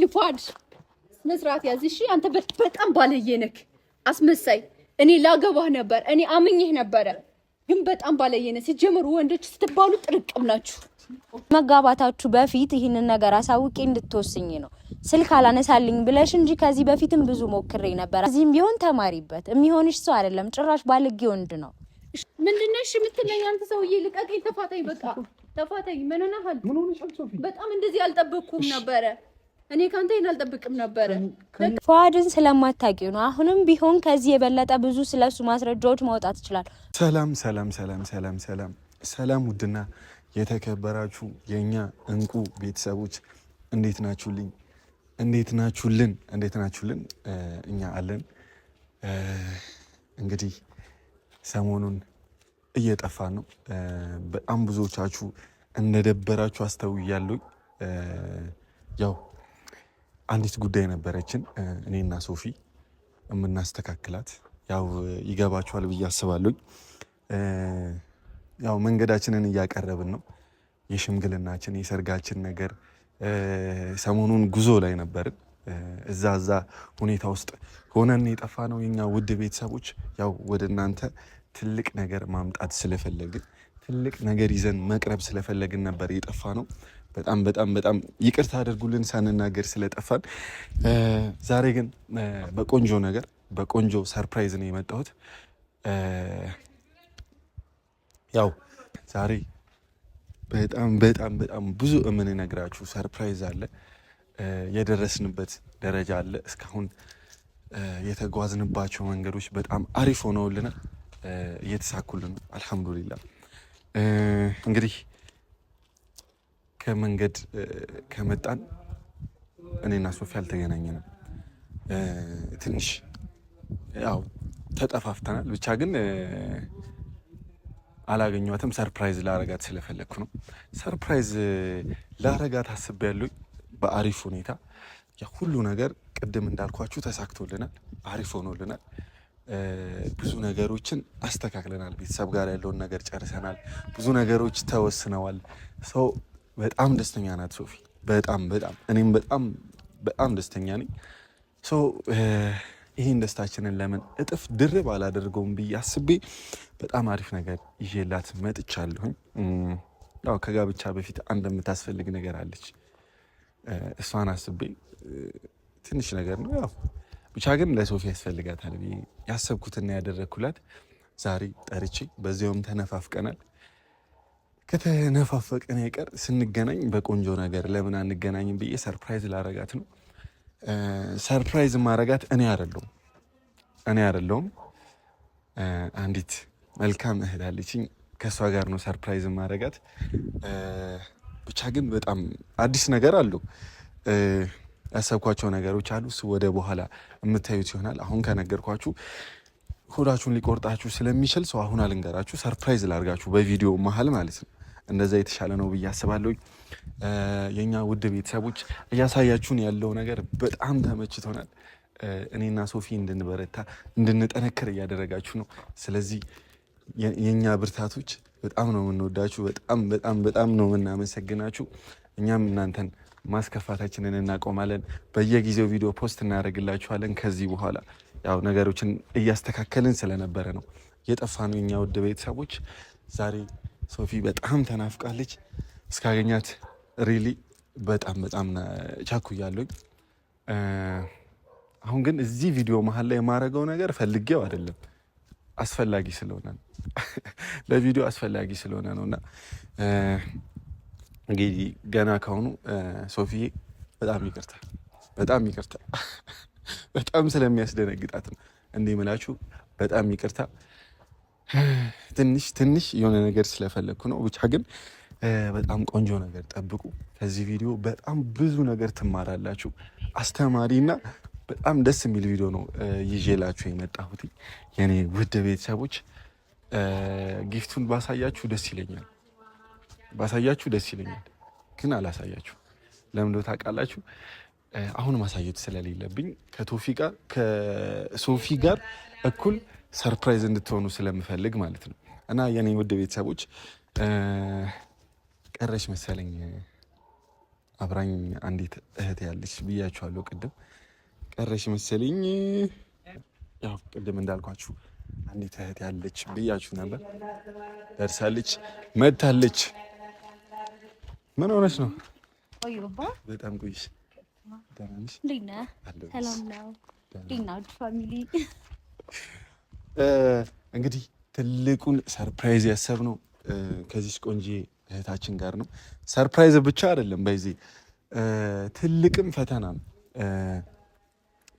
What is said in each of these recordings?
ልፋድ መስራት ያዝ። እሺ አንተ በጣም ባለየ ነክ አስመሳይ። እኔ ላገባህ ነበር፣ እኔ አምኜህ ነበረ፣ ግን በጣም ባለየ ነህ። ሲጀምሩ ወንዶች ስትባሉ ጥርቅም ናችሁ። መጋባታችሁ በፊት ይህንን ነገር አሳውቄ እንድትወስኝ ነው። ስልክ አላነሳልኝ ብለሽ እንጂ ከዚህ በፊትም ብዙ ሞክሬ ነበር። እዚህም ቢሆን ተማሪበት፣ የሚሆንሽ ሰው አይደለም። ጭራሽ ባልጌ ወንድ ነው። ምንድን ነሽ የምትለኝ አንተ ሰውዬ? ልቀቀኝ፣ ተፋታኝ፣ በቃ ተፋታኝ። ምን ሆነሃል? በጣም እንደዚህ አልጠበቅኩም ነበረ። እኔ ከአንተ ይሄን አልጠብቅም ነበረ። ፉአድን ስለማታውቂው ነው። አሁንም ቢሆን ከዚህ የበለጠ ብዙ ስለሱ ማስረጃዎች ማውጣት ይችላል። ሰላም ሰላም ሰላም ሰላም ሰላም ሰላም። ውድና የተከበራችሁ የእኛ እንቁ ቤተሰቦች እንዴት ናችሁልኝ? እንዴት ናችሁልን? እንዴት ናችሁልን? እኛ አለን። እንግዲህ ሰሞኑን እየጠፋ ነው። በጣም ብዙዎቻችሁ እንደደበራችሁ አስተውያለሁ። ያው አንዲት ጉዳይ ነበረችን እኔና ሶፊ የምናስተካክላት ያው ይገባችኋል ብዬ አስባለሁ። ያው መንገዳችንን እያቀረብን ነው። የሽምግልናችን የሰርጋችን ነገር ሰሞኑን ጉዞ ላይ ነበርን። እዛ እዛ ሁኔታ ውስጥ ሆነን የጠፋ ነው የኛ ውድ ቤተሰቦች። ያው ወደ እናንተ ትልቅ ነገር ማምጣት ስለፈለግን ትልቅ ነገር ይዘን መቅረብ ስለፈለግን ነበር የጠፋ ነው። በጣም በጣም በጣም ይቅርታ አድርጉልን ሳንናገር ስለጠፋን። ዛሬ ግን በቆንጆ ነገር በቆንጆ ሰርፕራይዝ ነው የመጣሁት። ያው ዛሬ በጣም በጣም በጣም ብዙ የምንነግራችሁ ሰርፕራይዝ አለ። የደረስንበት ደረጃ አለ። እስካሁን የተጓዝንባቸው መንገዶች በጣም አሪፍ ሆነውልናል፣ እየተሳኩልን አልሐምዱሊላህ እንግዲህ ከመንገድ ከመጣን እኔና ሶፊ አልተገናኘንም። ትንሽ ያው ተጠፋፍተናል። ብቻ ግን አላገኘኋትም። ሰርፕራይዝ ላረጋት ስለፈለግኩ ነው። ሰርፕራይዝ ላረጋት አስቤያለሁ በአሪፍ ሁኔታ። ሁሉ ነገር ቅድም እንዳልኳችሁ ተሳክቶልናል፣ አሪፍ ሆኖልናል። ብዙ ነገሮችን አስተካክለናል። ቤተሰብ ጋር ያለውን ነገር ጨርሰናል። ብዙ ነገሮች ተወስነዋል። ሰው በጣም ደስተኛ ናት ሶፊ። በጣም በጣም እኔም በጣም በጣም ደስተኛ ነኝ። ሰው ይህን ደስታችንን ለምን እጥፍ ድርብ አላደርገውም ብዬ አስቤ በጣም አሪፍ ነገር ይዤላት መጥቻለሁኝ። ያው ከጋብቻ በፊት አንድ የምታስፈልግ ነገር አለች። እሷን አስቤ ትንሽ ነገር ነው ያው ብቻ ግን ለሶፊ ያስፈልጋታል ያሰብኩትና ያደረግኩላት ዛሬ ጠርቼ በዚያውም ተነፋፍቀናል። ከተነፋፈቀን ይቀር ስንገናኝ በቆንጆ ነገር ለምን አንገናኝም ብዬ ሰርፕራይዝ ላረጋት ነው። ሰርፕራይዝ ማረጋት እኔ አይደለሁም እኔ አይደለሁም አንዲት መልካም እህት አለችኝ። ከእሷ ጋር ነው ሰርፕራይዝ ማረጋት። ብቻ ግን በጣም አዲስ ነገር አለው። ያሰብኳቸው ነገሮች አሉ። እሱ ወደ በኋላ የምታዩት ይሆናል። አሁን ከነገርኳችሁ ሆዳችሁን ሊቆርጣችሁ ስለሚችል ሰው አሁን አልንገራችሁ፣ ሰርፕራይዝ ላርጋችሁ በቪዲዮ መሀል ማለት ነው። እንደዛ የተሻለ ነው ብዬ አስባለሁ። የእኛ ውድ ቤተሰቦች እያሳያችሁን ያለው ነገር በጣም ተመችቶናል። እኔና ሶፊ እንድንበረታ እንድንጠነክር እያደረጋችሁ ነው። ስለዚህ የእኛ ብርታቶች በጣም ነው የምንወዳችሁ። በጣም በጣም በጣም ነው የምናመሰግናችሁ። እኛም እናንተን ማስከፋታችንን እናቆማለን። በየጊዜው ቪዲዮ ፖስት እናደርግላችኋለን። ከዚህ በኋላ ያው ነገሮችን እያስተካከልን ስለነበረ ነው የጠፋ ነው የኛ ውድ ቤተሰቦች። ዛሬ ሶፊ በጣም ተናፍቃለች። እስካገኛት ሪሊ በጣም በጣም ቻኩያለኝ። አሁን ግን እዚህ ቪዲዮ መሀል ላይ የማደርገው ነገር ፈልጌው አይደለም አስፈላጊ ስለሆነ ለቪዲዮ አስፈላጊ ስለሆነ ነው እና እንግዲህ ገና ከሆኑ ሶፊዬ በጣም ይቅርታ በጣም ይቅርታ በጣም ስለሚያስደነግጣት ነው እንደ ምላችሁ በጣም ይቅርታ። ትንሽ ትንሽ የሆነ ነገር ስለፈለግኩ ነው። ብቻ ግን በጣም ቆንጆ ነገር ጠብቁ። ከዚህ ቪዲዮ በጣም ብዙ ነገር ትማራላችሁ። አስተማሪ እና በጣም ደስ የሚል ቪዲዮ ነው ይዤላችሁ የመጣሁት የኔ ውድ ቤተሰቦች። ጊፍቱን ባሳያችሁ ደስ ይለኛል። ባሳያችሁ ደስ ይለኛል፣ ግን አላሳያችሁ። ለምን እንደው ታውቃላችሁ? አሁን ማሳየት ስለሌለብኝ ጋር ከሶፊ ጋር እኩል ሰርፕራይዝ እንድትሆኑ ስለምፈልግ ማለት ነው። እና የኔ ውድ ቤተሰቦች ቀረች መሰለኝ አብራኝ አንዲት እህት ያለች ብያችኋለሁ ቅድም ቀረሽ መሰለኝ። ያው ቅድም እንዳልኳችሁ አንዲት እህት ያለች ብያችሁ ነበር። ደርሳለች፣ መጥታለች። ምን ሆነሽ ነው? ቆዩ ባባ በጣም ቆይሽ። ነው? ፋሚሊ? እንግዲህ ትልቁን ሰርፕራይዝ ያሰብነው ከዚህ ቆንጆ እህታችን ጋር ነው። ሰርፕራይዝ ብቻ አይደለም፣ በዚህ ትልቅም ፈተና ነው።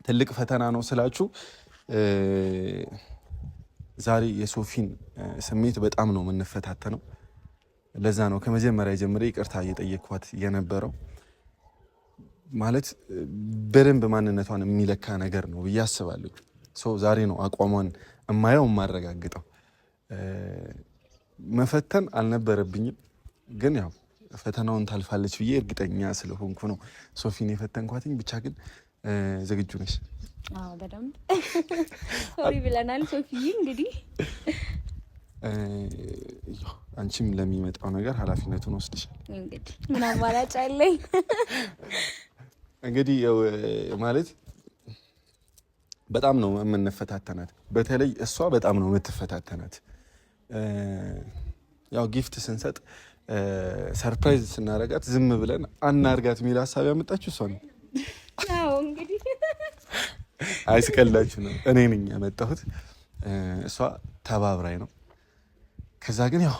ትልቅ ፈተና ነው ስላችሁ ዛሬ የሶፊን ስሜት በጣም ነው የምንፈታተነው። ለዛ ነው ከመጀመሪያ ጀምሬ ይቅርታ እየጠየቅኳት የነበረው። ማለት በደንብ ማንነቷን የሚለካ ነገር ነው ብዬ አስባለሁ። ሰው ዛሬ ነው አቋሟን እማየው የማረጋግጠው። መፈተን አልነበረብኝም፣ ግን ያው ፈተናውን ታልፋለች ብዬ እርግጠኛ ስለሆንኩ ነው ሶፊን የፈተንኳትኝ። ብቻ ግን ዝግጁ ነች? በደንብ ሶሪ ብለናል ሶፊ እንግዲህ አንቺም ለሚመጣው ነገር ኃላፊነቱን ወስድሻል። እንግዲህ ምን አማራጭ አለኝ? እንግዲህ ያው ማለት በጣም ነው የምንፈታተናት። በተለይ እሷ በጣም ነው የምትፈታተናት። ያው ጊፍት ስንሰጥ ሰርፕራይዝ ስናረጋት ዝም ብለን አናርጋት የሚል ሀሳብ ያመጣችሁ እሷ ነው። እንግዲህ አይስቀላችሁ ነው እኔ ነኝ ያመጣሁት። እሷ ተባብራይ ነው ከዛ ግን ያው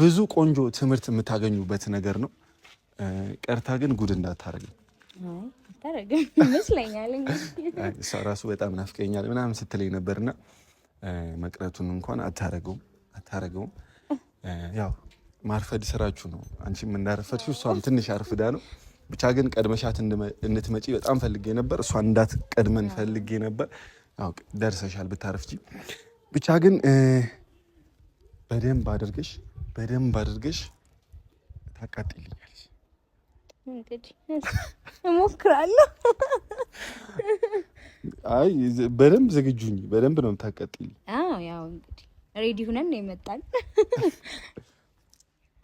ብዙ ቆንጆ ትምህርት የምታገኙበት ነገር ነው። ቀርታ ግን ጉድ እንዳታደርግም ይመስለኛል። ራሱ በጣም ናፍቀኛል ምናምን ስትለኝ ነበርና መቅረቱን እንኳን አታረገውም አታረገውም። ያው ማርፈድ ስራችሁ ነው። አንቺም እንዳረፈድሽ እሷም ትንሽ አርፍዳ ነው። ብቻ ግን ቀድመሻት እንድትመጪ በጣም ፈልጌ ነበር። እሷ እንዳትቀድመን ፈልጌ ነበር። ደርሰሻል ብታረፍጂ ብቻ ግን በደንብ አድርገሽ በደንብ አድርገሽ ታቃጥልኛለሽ። እንግዲህ እሞክራለሁ። አይ በደንብ ዝግጁኝ። በደንብ ነው የምታቃጥልኝ። አዎ ያው እንግዲህ ሬዲ ሁነን ነው የመጣን።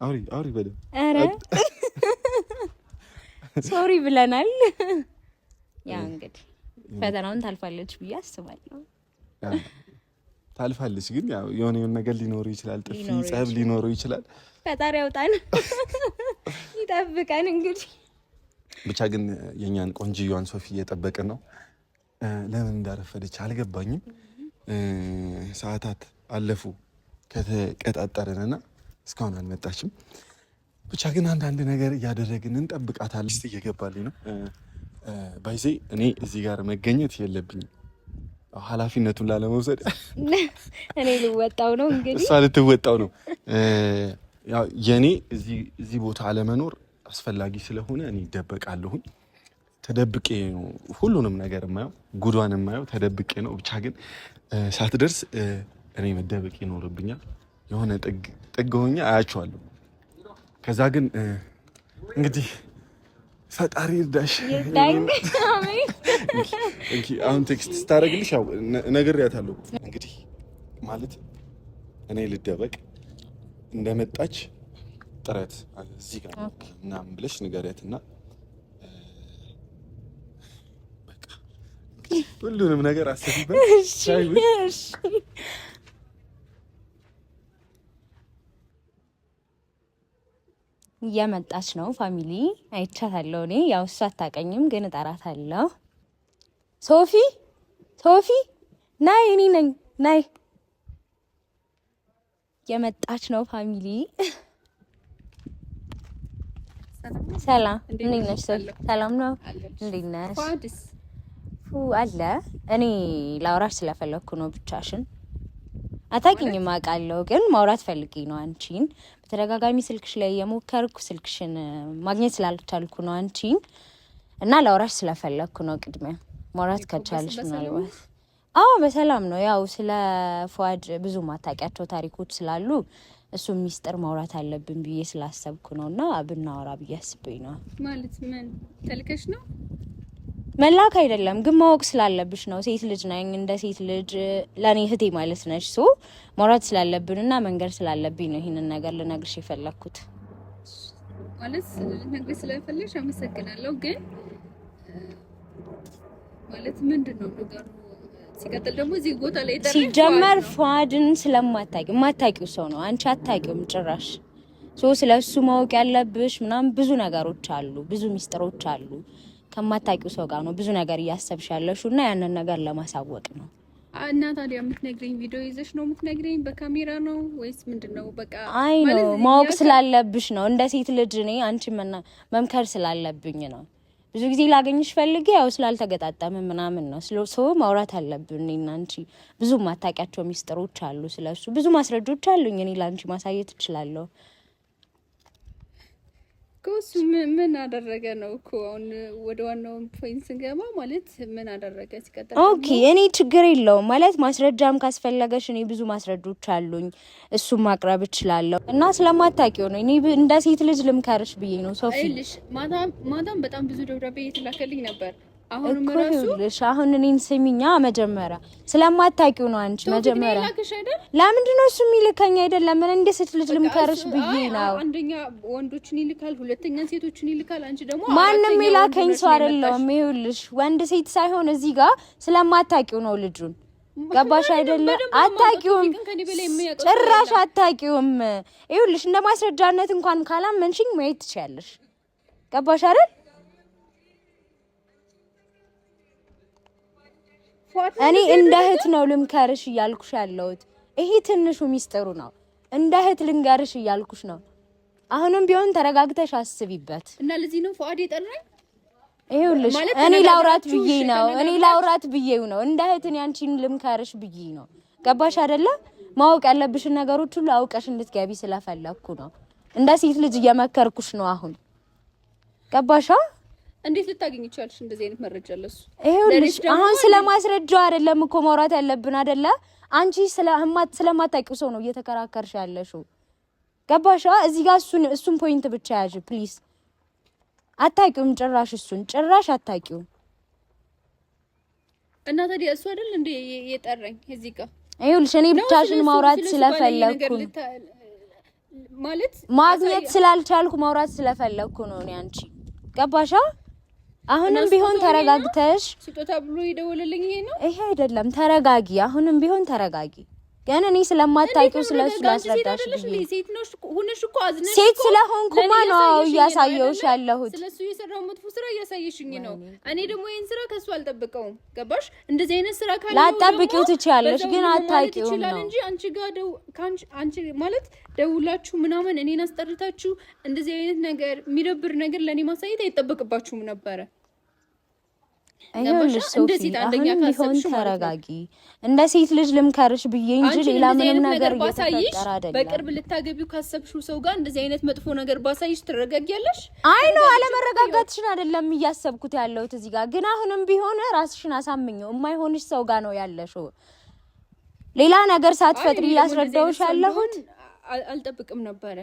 አውሪ አውሪ በደንብ ኧረ ሶሪ ብለናል። ያው እንግዲህ ፈተናውን ታልፋለች ብዬ አስባለሁ። ታልፋለች። ግን የሆነ የሆነ ነገር ሊኖሩ ይችላል፣ ጥፊ ጸብ ሊኖሩ ይችላል። ፈጣሪ ያውጣን ይጠብቀን። እንግዲህ ብቻ ግን የእኛን ቆንጅዬዋን ሶፊ እየጠበቅን ነው። ለምን እንዳረፈደች አልገባኝም። ሰዓታት አለፉ ከተቀጣጠረን እና እስካሁን አልመጣችም። ብቻ ግን አንዳንድ ነገር እያደረግን እንጠብቃታለን። እየገባልኝ ነው ባይዜ እኔ እዚህ ጋር መገኘት የለብኝም ኃላፊነቱን ላለመውሰድ እኔ ልወጣው ነው እንግዲህ እሷ ልትወጣው ነው። የእኔ እዚህ ቦታ አለመኖር አስፈላጊ ስለሆነ እኔ ይደበቃለሁኝ። ተደብቄ ነው ሁሉንም ነገር የማየው፣ ጉዷን የማየው ተደብቄ ነው። ብቻ ግን ሳትደርስ እኔ መደበቅ ይኖርብኛል። የሆነ ጥግ ሆኜ አያቸዋለሁ። ከዛ ግን እንግዲህ ፈጣሪ እርዳሽ። አሁን ቴክስት ስታደርግልሽ ያው ነግሬያታለሁ። እንግዲህ ማለት እኔ ልደበቅ እንደመጣች ጥረት እዚህ ጋር ምናምን ብለሽ ንገሪያት እና ሁሉንም ነገር አስቢበት እየመጣች ነው። ፋሚሊ አይቻታለሁ። እኔ ያው እሷ አታውቀኝም፣ ግን እጠራታለሁ። ሶፊ ሶፊ ናይ፣ እኔ ነኝ ናይ። የመጣች ነው ፋሚሊ። ሰላም እንዴት ነሽ? ሰላም ነው። እንዴት ነሽ? አለ እኔ ላውራሽ ስለፈለግኩ ነው ብቻሽን አታውቂኝም አውቃለሁ፣ ግን ማውራት ፈልጌ ነው አንቺን። በተደጋጋሚ ስልክሽ ላይ የሞከርኩ ስልክሽን ማግኘት ስላልቻልኩ ነው አንቺን እና ላውራሽ ስለፈለግኩ ነው። ቅድሚያ ማውራት ከቻልሽ ምናልባት አዎ፣ በሰላም ነው። ያው ስለ ፏድ ብዙ ማታውቂያቸው ታሪኮች ስላሉ እሱ ሚስጥር ማውራት አለብን ብዬ ስላሰብኩ ነው እና ብናወራ ብዬ አስቤ ነው። ማለት ምን ተልከሽ ነው መላክ አይደለም ግን ማወቅ ስላለብሽ ነው። ሴት ልጅ ነኝ፣ እንደ ሴት ልጅ ለእኔ እህቴ ማለት ነች። ሶ ማውራት ስላለብን እና መንገድ ስላለብኝ ነው ይህንን ነገር ልነግርሽ የፈለግኩት ማለት ልነግርሽ ስለፈለግሽ አመሰግናለሁ። ግን ማለት ምንድን ነው ነገሩ? ሲቀጥል ደግሞ እዚህ ቦታ ላይ ሲጀመር ፏድን ስለማታቂ የማታቂው ሰው ነው አንቺ አታቂውም ጭራሽ ሶ ስለሱ ማወቅ ያለብሽ ምናምን ብዙ ነገሮች አሉ፣ ብዙ ሚስጥሮች አሉ። ከማታውቂው ሰው ጋር ነው ብዙ ነገር እያሰብሽ ያለሽው እና ያንን ነገር ለማሳወቅ ነው። እና ታዲያ የምትነግረኝ ቪዲዮ ይዘሽ ነው የምትነግረኝ? በካሜራ ነው ወይስ ምንድን ነው? በቃ አይ ነው ማወቅ ስላለብሽ ነው። እንደ ሴት ልጅ እኔ አንቺ መምከር ስላለብኝ ነው። ብዙ ጊዜ ላገኝሽ ፈልጌ ያው ስላልተገጣጠም ምናምን ነው። ስለሰው ማውራት አለብን እኔና አንቺ። ብዙ ማታውቂያቸው ሚስጥሮች አሉ ስለሱ። ብዙ ማስረጆች አሉኝ እኔ ለአንቺ ማሳየት እችላለሁ። ኮስ ምን አደረገ ነው እኮ አሁን ወደ ዋናው ፖይንት ስንገባ ማለት ምን አደረገ ሲቀጥል፣ ኦኬ እኔ ችግር የለውም ማለት ማስረጃም ካስፈለገሽ እኔ ብዙ ማስረጆች አሉኝ፣ እሱ ማቅረብ እችላለሁ። እና ስለማታውቂው ነው እኔ እንደ ሴት ልጅ ልምከርሽ ብዬ ነው ሶፊ። ማታም በጣም ብዙ ደብዳቤ እየተላከልኝ ነበር አሁን እኔን ስሚኛ፣ መጀመሪያ ስለማታውቂው ነው አንቺ። መጀመሪያ ለምንድን ነው እሱ የሚልከኝ? አይደለም ምን እንደ ሴት ልጅ ልምከርሽ ብዬ ነው። አንደኛ ወንዶችን ይልካል፣ ሁለተኛ ሴቶችን ይልካል። አንቺ ደግሞ ማንም የላከኝ ሰው አይደለም። ይኸውልሽ ወንድ ሴት ሳይሆን እዚህ ጋር ስለማታውቂው ነው ልጁን ገባሽ አይደለም? አታውቂውም፣ ጭራሽ አታውቂውም። ይኸውልሽ እንደ ማስረጃነት እንኳን ካላመንሽኝ ማየት ትችያለሽ። ገባሽ አይደል? እኔ እንደ እህት ነው ልምከርሽ እያልኩሽ ያለሁት። ይሄ ትንሹ ሚስጥሩ ነው። እንደ እህት ልንገርሽ እያልኩሽ ነው። አሁንም ቢሆን ተረጋግተሽ አስቢበት እና ለዚህ ነው ፉአድ የጠራኝ። ይኸውልሽ እኔ ላውራት ብዬ ነው እኔ ላውራት ብዬው ነው እንደ እህት እኔ ልምከርሽ ብዬ ነው። ገባሽ አይደለ? ማወቅ ያለብሽን ነገሮች ሁሉ አውቀሽ እንድትገቢ ስለፈለግኩ ነው። እንደ ሴት ልጅ እየመከርኩሽ ነው አሁን ገባሻ? እንዴት ልታገኝ ይቻልሽ? እንደዚህ አይነት መረጃ ለሱ ይሄውልሽ። አሁን ስለማስረጃው አይደለም እኮ ማውራት ያለብን አይደለ? አንቺ ስለማታውቂው ሰው ነው እየተከራከርሽ ያለሽው። ገባሻ? እዚህ ጋር እሱን እሱን ፖይንት ብቻ ያዥ ፕሊዝ። አታውቂውም፣ ጭራሽ እሱን ጭራሽ አታውቂውም። እና ታዲያ እሱ አይደል እንዴ የጠራኝ እዚህ ጋር? ይኸውልሽ እኔ ብቻሽን ማውራት ስለፈለኩ ማለት ማግኘት ስላልቻልኩ ማውራት ስለፈለኩ ነው እኔ አንቺ ገባሻ? አሁንም ቢሆን ተረጋግተሽ ስጦታ ብሎ ይደውልልኝ ነው። ይሄ አይደለም። ተረጋጊ። አሁንም ቢሆን ተረጋጊ። ግን እኔ ስለማታውቂው ስለሱ ላስረዳሽ ብዬ ሴት ስለሆንኩማ ነው እያሳየሁሽ ያለሁት። ስለሱ የሰራው መጥፎ ስራ እያሳየሽኝ ነው። እኔ ደግሞ ይህን ስራ ከሱ አልጠብቀውም። ገባሽ? እንደዚህ አይነት ስራ ካለ ላጠብቂው ትችያለሽ፣ ግን አታውቂውም ነው እንጂ አንቺ ጋር ደው አንቺ ማለት ደውላችሁ ምናምን እኔን አስጠርታችሁ እንደዚህ አይነት ነገር የሚደብር ነገር ለእኔ ማሳየት አይጠበቅባችሁም ነበረ። ይኸውልሽ ተረጋጊ። እንደ ሴት ልጅ ልምከርሽ ብዬ እንጂ ሌላ ምንም ነገር እየተፈጠረ በቅርብ ልታገቢው ካሰብሽው ሰው ጋር እንደዚህ አይነት መጥፎ ነገር ባሳይሽ ትረጋጊያለሽ? አይ ነው አለመረጋጋትሽን አይደለም እያሰብኩት ያለሁት እዚህ ጋር ግን፣ አሁንም ቢሆን ራስሽን አሳምኘው። የማይሆንሽ ሰው ጋር ነው ያለሽው። ሌላ ነገር ሳትፈጥሪ እያስረዳሁሽ ያለሁት አልጠብቅም ነበረ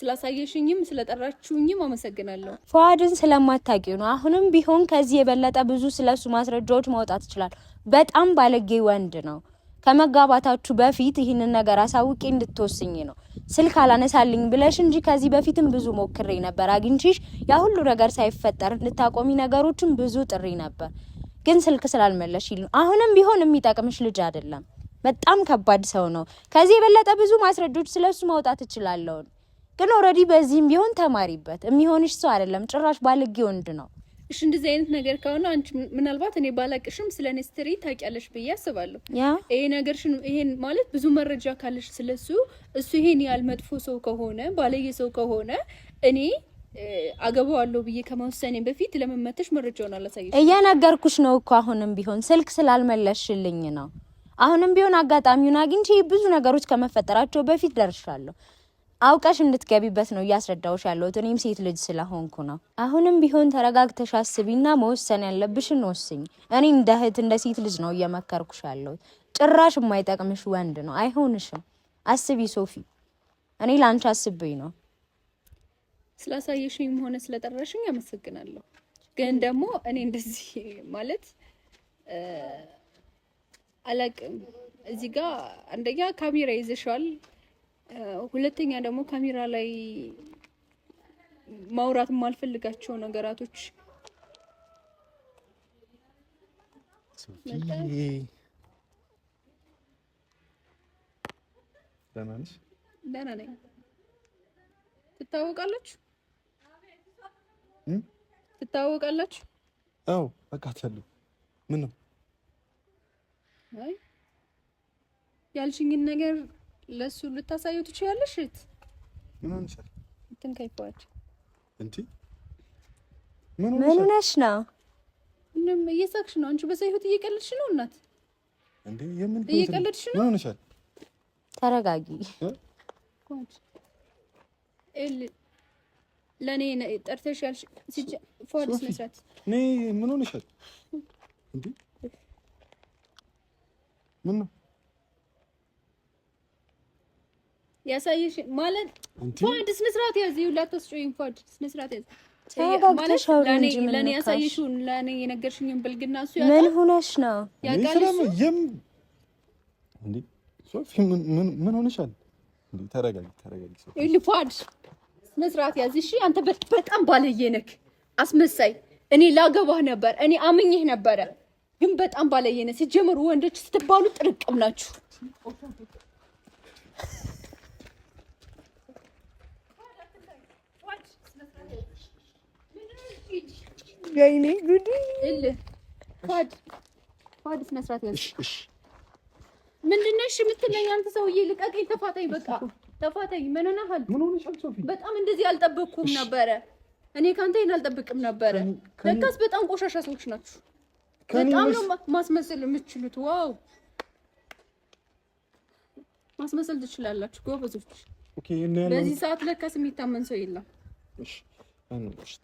ስላሳየሽኝም ስለጠራችሁኝም አመሰግናለሁ። ፉአድን ስለማታውቂው ነው። አሁንም ቢሆን ከዚህ የበለጠ ብዙ ስለሱ ማስረጃዎች ማውጣት ይችላል። በጣም ባለጌ ወንድ ነው። ከመጋባታችሁ በፊት ይህንን ነገር አሳውቄ እንድትወስኝ ነው። ስልክ አላነሳልኝ ብለሽ እንጂ ከዚህ በፊትም ብዙ ሞክሬ ነበር አግኝቼሽ ያ ሁሉ ነገር ሳይፈጠር እንድታቆሚ ነገሮችን ብዙ ጥሪ ነበር፣ ግን ስልክ ስላልመለሽ ይሉ አሁንም ቢሆን የሚጠቅምሽ ልጅ አይደለም። በጣም ከባድ ሰው ነው። ከዚህ የበለጠ ብዙ ማስረጃዎች ስለሱ ማውጣት እችላለሁን ግን ኦልሬዲ በዚህም ቢሆን ተማሪበት። የሚሆንሽ ሰው አይደለም፣ ጭራሽ ባልጌ ወንድ ነው። እሺ እንደዚህ አይነት ነገር ከሆነ አንቺ ምናልባት እኔ ባላቅሽም ስለ ኔስትሪ ታውቂያለሽ ብዬ አስባለሁ። ይሄ ነገርሽን ይሄን ማለት ብዙ መረጃ ካለሽ ስለሱ እሱ ይሄን ያህል መጥፎ ሰው ከሆነ ባለየ ሰው ከሆነ እኔ አገባዋለሁ ብዬ ከመወሰኔ በፊት ለመመተሽ መረጃውን አላሳየሽም። እየነገርኩሽ ነው እኮ አሁንም ቢሆን ስልክ ስላልመለሽልኝ ነው። አሁንም ቢሆን አጋጣሚውን አግኝቼ ብዙ ነገሮች ከመፈጠራቸው በፊት ደርሻለሁ። አውቀሽ እንድትገቢበት ነው እያስረዳሁሽ ያለሁት። እኔም ሴት ልጅ ስለሆንኩ ነው። አሁንም ቢሆን ተረጋግተሽ አስቢና መወሰን ያለብሽን ወስኝ። እኔ እንደ እህት እንደ ሴት ልጅ ነው እየመከርኩሽ ያለሁት። ጭራሽ የማይጠቅምሽ ወንድ ነው፣ አይሆንሽም። አስቢ ሶፊ። እኔ ለአንቺ አስብኝ ነው። ስላሳየሽኝም ሆነ ስለጠራሽኝ አመሰግናለሁ። ግን ደግሞ እኔ እንደዚህ ማለት አላቅም። እዚህ ጋር አንደኛ ካሜራ ይዘሻል ሁለተኛ ደግሞ ካሜራ ላይ ማውራት የማልፈልጋቸው ነገራቶች ደህና ነሽ? ደህና ነኝ። ትታወቃላችሁ? ትታወቃላችሁ? አዎ፣ አውቃታለሁ። ምነው ያልሽኝን ነገር ለሱ ልታሳዩ ትችያለሽ። እት ምን አንቻል እንትን ከይፈዋች እንቲ ምን ነሽ ነው? ምንም እየሳቅሽ ነው አንቺ። በሰው ህይወት እየቀለድሽ ነው እናት። እንዴ የምን እየቀለድሽ ነው? ምን ሆነሻል? ተረጋጊ። ኮንት ኤል ለኔ ጠርተሽ ያልሽ ሲጭ ፎርስ መስራት ምን ሆነሻል? እንዴ ምን ነው ያሳየሽ ማለት ፏድ ስነ ስርዓት ያዝ ይውላት ተስጮኝ ፏድ ስነ ስርዓት ያዝ የነገርሽኝን ብልግና ምን ሆነሽ ነው ምን ሆነሻል? ተረጋጊ ተረጋጊ። ይኸውልህ ስነ ስርዓት ያዝ እሺ። አንተ በጣም ባለየ ነክ አስመሳይ። እኔ ላገባህ ነበር እኔ አምኜህ ነበረ፣ ግን በጣም ባለየ ነህ። ሲጀመሩ ወንዶች ስትባሉ ጥርቅም ናችሁ። ወይኔ ጉድ! ፋድ ፋድ፣ ስነ ምንድን ነው እሺ የምትለኝ አንተ ሰውዬ? ልቀቀኝ፣ ተፋታኝ፣ በቃ ተፋታኝ። ምን ሆነሃል? በጣም እንደዚህ አልጠበቅኩም ነበረ። እኔ ከአንተ ይሄን አልጠብቅም ነበረ። ለካስ በጣም ቆሻሻ ሰዎች ናችሁ። በጣም ነው ማስመሰል የምትችሉት። ዋው ማስመሰል ትችላላችሁ ጎበዞች። በዚህ ሰዓት ለካስ የሚታመን ሰው የለም።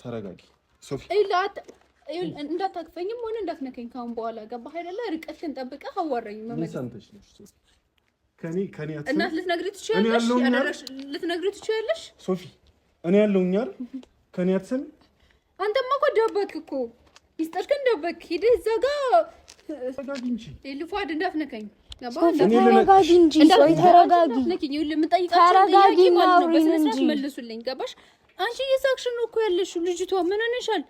ተረጋጊ። እንዳታቅፈኝም ሆነ እንዳትነከኝ ካሁን በኋላ ገባህ አይደለ? ርቀትን ጠብቀህ አዋራኝ እኔ ያለሁኝ ከኔ አትሰሚ። አንተማ እኮ ደበክ እኮ ይስጠሽ፣ ደበክ ሂደህ እዛ ጋ ልፏድ እንዳትነከኝ ተረጋጊ እንጂ ተረጋጊ፣ ተረጋጊ መልሱልኝ። ገባሽ አንቺ እየሳቅሽ ነው እኮ ያለሽው። ልጅቷ ምን ሆነሻል?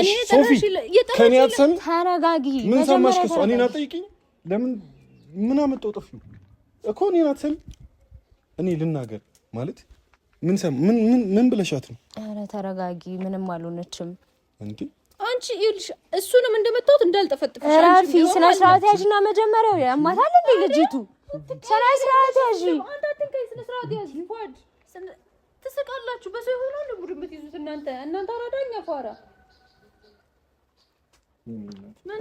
እኔ ጠራሽ የጠራሽ ያሰም ተረጋጊ። ምን ሰማሽ? ከሷ እኔን አጠይቂኝ። ለምን ምን አመጣው ጠፊ እኮ እኔን አትሰሚ። እኔ ልናገር ማለት ምን ሰማ ምን ምን ምን ብለሻት ነው? አረ ተረጋጊ፣ ምንም አልሆነችም። እንዴ አንቺ ይልሽ እሱንም እንደመጣሁት እንዳልጠፈጥፍሽ። አንቺ አርፊ፣ ስነ ስርዓት ያዥና መጀመሪያው ያማታል እንዴ ልጅቱ። ስነ ስርዓት ያዥ፣ አንተ ከይ ስነ ስርዓት ያዥ ጓድ ትስቃላችሁ። በሰው ይሆናል ቡድን የምትይዙት እናንተ እናንተ አራዳኛ ፋራ ነው ቆይ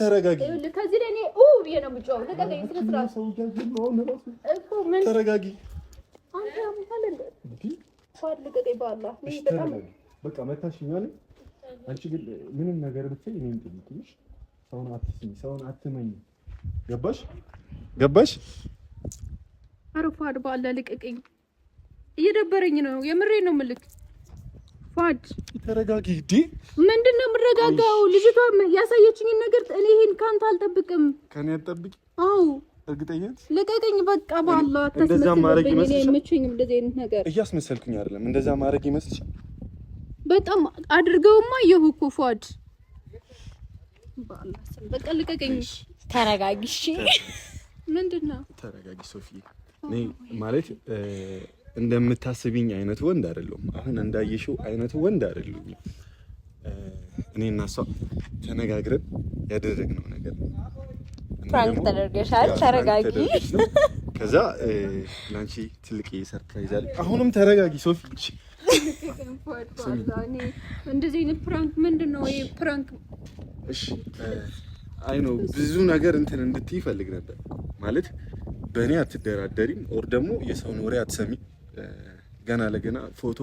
ተረጋጊ። ከዚህ ላይ እኔ ብዬሽ ነው የምጫወው። ተቀቀኝ፣ በጣም በቃ መታሽኛል። አንቺ ግን ምንም ነገር ብትይ እኔም ጥልቅሽ። ሰውን አትስሚ፣ ሰውን አትመኝ። ገባሽ? ገባሽ? አረፋ አድባ አለ ልቅቅኝ። እየደበረኝ ነው። የምሬ ነው። ምልክ ፋድ ተረጋጊ። ዲ ምንድን ነው የምረጋጋው? ልጅቷ ያሳየችኝን ነገር እኔ ይሄን ካንተ አልጠብቅም። ከኔ አልጠብቅ? አዎ እርግጠኛ ልቀቀኝ። በቃ ባላ አታስመስልኝ። እኔ አይመቸኝም እያስመሰልኩኝ አይደለም። እንደዛ ማድረግ ይመስልሻል? በጣም አድርገውማ የሁ እኮ ፏድ በቃ ልቀቀኝ። ምንድን ነው ሶፊ። ማለት እንደምታስቢኝ አይነት ወንድ አይደለሁም። አሁን እንዳየሽው አይነት ወንድ አይደለሁም። እኔ እና እሷ ተነጋግረን ያደረግነው ነገር ፕራንክ ተደርገሻል። ተረጋጊ። ከዛ ላንቺ ትልቅ ሰርፕራይዝ አለ። አሁንም ተረጋጊ ሶፊ። እንደዚህ አይነት ፕራንክ ምንድን ነው ይሄ ፕራንክ? እሺ አይ ነው ብዙ ነገር እንትን እንድትይ ይፈልግ ነበር ማለት በእኔ አትደራደሪም፣ ኦር ደግሞ የሰውን ወሬ አትሰሚ ገና ለገና ፎቶ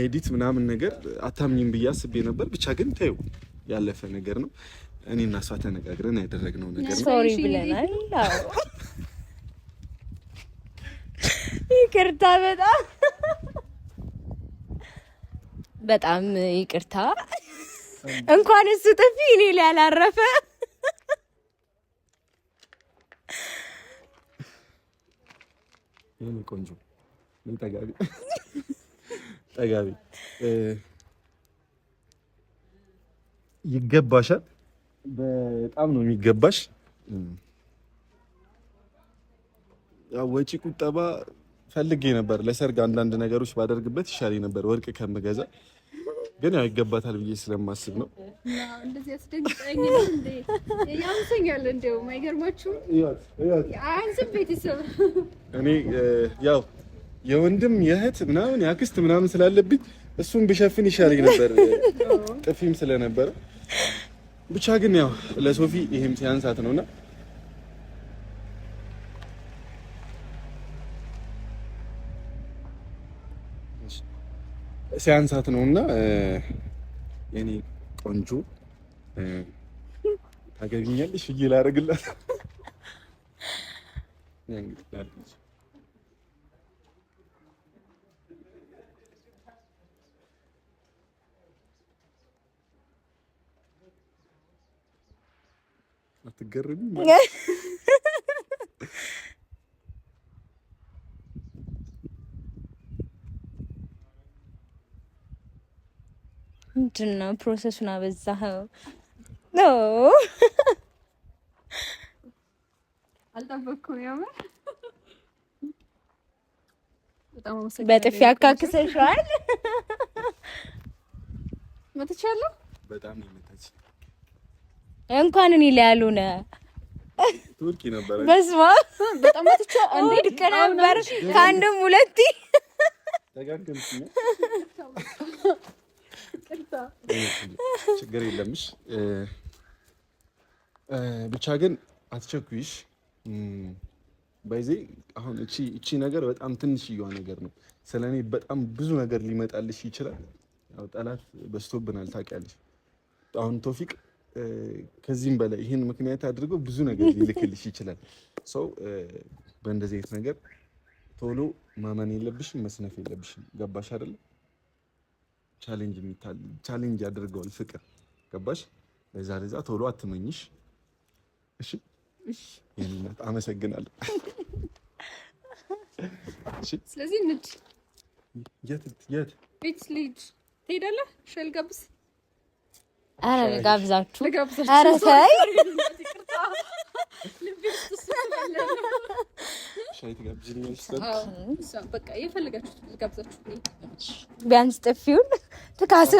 ኤዲት ምናምን ነገር አታምኝም ብዬ አስቤ ነበር። ብቻ ግን ተይው፣ ያለፈ ነገር ነው። እኔ እና እሷ ተነጋግረን ያደረግነው ነገር ሶሪ ብለናል። ይቅርታ፣ በጣም በጣም ይቅርታ። እንኳን እሱ ጥፊ እኔ ላይ ያላረፈ ቆንጆ ምን ጠጋቢ ይገባሻል። በጣም ነው የሚገባሽ። ወጪ ቁጠባ ፈልጌ ነበር። ለሰርግ አንዳንድ ነገሮች ባደርግበት ይሻል ነበር ወርቅ ከምገዛ፣ ግን ያው ይገባታል ብዬ ስለማስብ ነው። እኔ ያው የወንድም የእህት ምናምን ያክስት ምናምን ስላለብኝ እሱን ብሸፍን ይሻለኝ ነበር፣ ጥፊም ስለነበረ ብቻ ግን ያው ለሶፊ ይሄም ሲያንሳት ነውና ሲያንሳት ነውና የኔ ቆንጆ ታገቢኛለሽ ብዬ ላደርግላት አትገርም? ምንድን ነው ፕሮሰሱን አበዛኸው። አልጠበኩም። የምር በጥፊ አካክሰሻል። መጥቻለሁ በጣም እንኳን እኔ ላይ ያልሆነ ቱርኪ ነበር። በስመ አብ በጣም አትቻ አንዴ ድቀና ነበር ከአንድም ሁለቴ ችግር የለምሽ። ብቻ ግን አትቸኩይሽ። በዚህ አሁን እቺ እቺ ነገር በጣም ትንሽዬዋ ነገር ነው። ስለኔ በጣም ብዙ ነገር ሊመጣልሽ ይችላል። ያው ጠላት በዝቶብናል ታውቂያለሽ። አሁን ቶፊቅ ከዚህም በላይ ይህን ምክንያት አድርገው ብዙ ነገር ሊልክልሽ ይችላል። ሰው በእንደዚህ አይነት ነገር ቶሎ ማመን የለብሽም፣ መስነፍ የለብሽም። ገባሽ አይደለ? ቻሌንጅ ቻሌንጅ ያደርገዋል ፍቅር። ገባሽ? ለዛ ለዛ ቶሎ አትመኝሽ። እሺ፣ እሺ። አመሰግናለሁ። እሺ። ስለዚህ ልጅ የት የት ቤት ልጅ ትሄዳለህ? ሸልጋብስ አረ ልጋብዛችሁ። አረ ተይ ቢያንስ ጥፊውን ትካስ